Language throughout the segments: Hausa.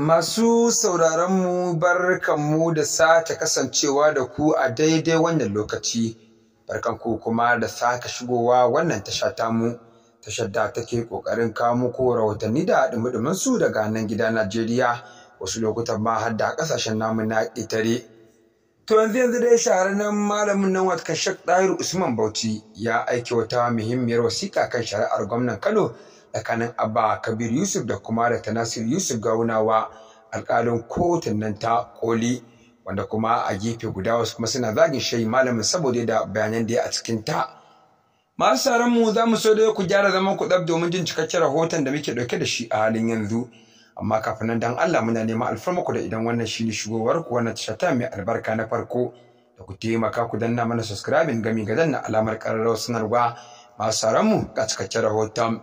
Masu sauraronmu barkanmu da sake kasancewa da ku a daidai wannan lokaci, barkanku kuma da sake shigowa wannan tasha tamu, tashar da take ƙoƙarin kamo ko rahotanni da haɗin su daga nan gida Najeriya, wasu lokutan ma har da ƙasashen namu na itare. To yanzu yanzu dai shahararren malamin nan wata Sheikh Ɗahir Usman Bauchi ya aiki wata muhimmiyar wasiƙa kan shari'ar gwamnan Kano tsakanin abba kabir yusuf da kuma da tanasir yusuf gaunawa alƙalin kotun nan ta koli wanda kuma a gefe guda wasu kuma suna zagin shayi malamin saboda da bayanan da ya a cikin ta masu sauran mu za mu so da ku gyara zaman ku ɗab domin jin cikakken rahoton da muke ɗauke da shi a halin yanzu amma kafin nan dan Allah muna neman ku da idan wannan shine shigowar ku wannan tashata mai albarka na farko da ku taimaka ku danna mana subscribing gami ga danna alamar ƙararrawar sanarwa masu sauran mu ga cikakken rahoton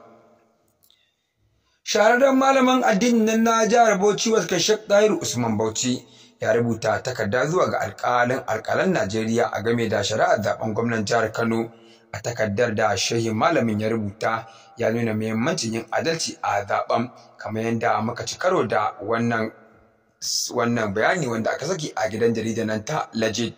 shahararren malamin addinin nan na jihar Bauchi wasu Sheikh Tahiru Usman Bauchi ya rubuta takarda zuwa ga alƙalin alƙalan Najeriya a game da shari'ar zaben gwamnan jihar Kano a takardar da shehin malamin ya rubuta ya nuna muhimmancin yin adalci a zaben kamar yadda muka ci karo da wannan wannan bayani wanda aka saki a gidan jaridar nan ta Legit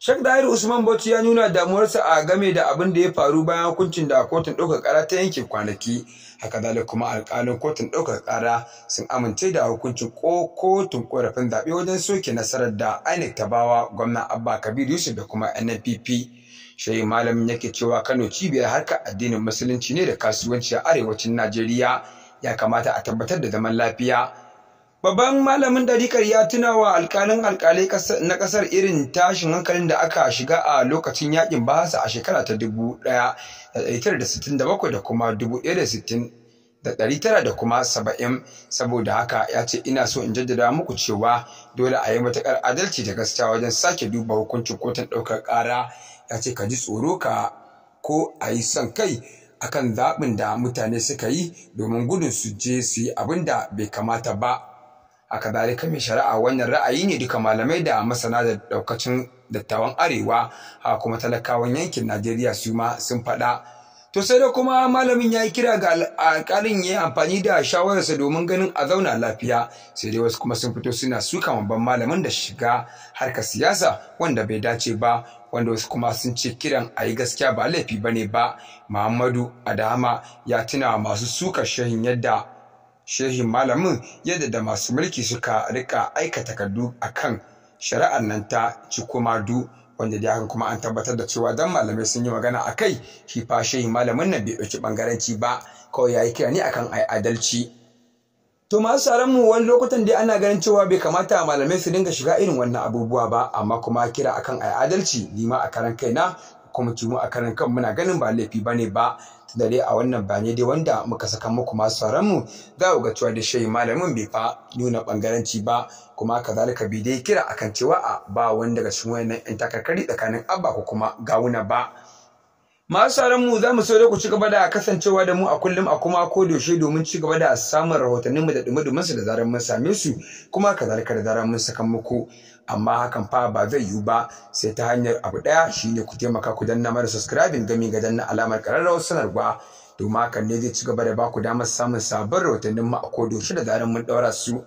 Sheikh Dahir Usman Bauchi ya nuna damuwarsa a game da abin da ya faru bayan hukuncin da kotun ɗaukar ƙara ta yanke kwanaki. Haka zalika kuma alƙalin kotun ɗaukar ƙara sun amince da hukuncin ko kotun ƙorafin zaɓe wajen soke nasarar da INEC ta bawa gwamna Abba Kabir Yusuf da kuma NNPP. Shehi malamin yake cewa Kano cibiyar harkar addinin musulunci ne da kasuwanci a arewacin Najeriya ya kamata a tabbatar da zaman lafiya. Babban malamin ɗarikar ya tuna wa alƙalin alƙalai na ƙasar irin tashin hankalin da aka shiga a lokacin yaƙin bahasa a shekara ta 1967 da kuma 1960 da ɗari tara da kuma saba'in saboda haka ya ce ina so in jaddada muku cewa dole a yi matuƙar adalci da gaskiya wajen sake duba hukuncin kotun ɗaukar ƙara ya ce ka ji tsoro ka ko a yi son kai akan zaɓin da mutane suka yi domin gudun su je su yi abin da bai kamata ba a kazalika mai shari'a wannan ra'ayi ne duka malamai da masana da daukacin dattawan arewa a kuma talakawan yankin najeriya su ma sun faɗa to sai da kuma malamin ya yi kira ga alƙalin ya yi amfani da shawararsa domin ganin a zauna lafiya sai dai wasu kuma sun fito suna suka babban malamin da shiga harkar siyasa wanda bai dace ba wanda wasu kuma sun ce kiran a yi gaskiya ba laifi ba ne ba muhammadu adama ya tuna masu suka shahin yadda shehin malamin yadda da masu mulki suka rika aika takardu a kan shari'ar nan ta cikumadu wanda dai hakan kuma an tabbatar da cewa dan malamai sun yi magana a kai shi fa shehin malamin nan bai ɗauki ɓangaranci ba kawai ya yi kira ne akan ai adalci To masu tsaron mu wani lokutan dai ana ganin cewa bai kamata malamai su dinga shiga irin wannan abubuwa ba amma kuma kira akan ai adalci ni ma a karan kaina kuma a karin kan muna ganin ba laifi bane ba tunda dai a wannan bane dai wanda muka saka muku masu sauran mu za ku ga cewa da shehi malamin bai fa nuna bangaranci ba kuma kazalika bai dai kira akan cewa a ba wani daga cikin wayannan yan takarkari tsakanin abba ko kuma gawuna ba masu mu za mu so ku ci gaba da kasancewa da mu a kullum a kuma ko yaushe domin ci gaba da samun rahotannin mu da dumudumin su da zarar mun same su kuma ka zarka da zarar mun saka muku amma hakan fa ba zai yiwu ba sai ta hanyar abu daya shine ku taimaka ku danna mara subscribing gami ga danna alamar kararrawar sanarwa domin hakan ne zai ci gaba da baku damar samun sabon rahotannin mu a ko yaushe da zarar mun daura su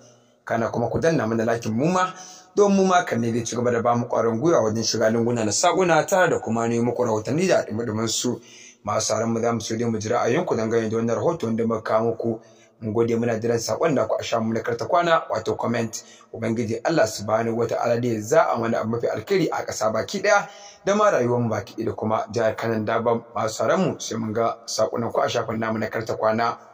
kana kuma ku danna mana lakin mu ma don mu ma kan ne zai ci gaba da ba mu ƙwarin gwiwa wajen shiga lunguna na sakuna tare da kuma ne muku rahotanni da dumudumin su masu sauran mu za mu so dai mu ji ra'ayinku dangane da wannan rahoto wanda muka kawo muku mun gode muna jiran sakon da ku a shamu na karta kwana wato comment ubangiji Allah subhanahu wata'ala da za a mana abu mafi alkhairi a ƙasa baki ɗaya da ma rayuwar mu baki da kuma jihar Kanan da ba masu mu sai mun ga sakon ku a shafin namu na karta kwana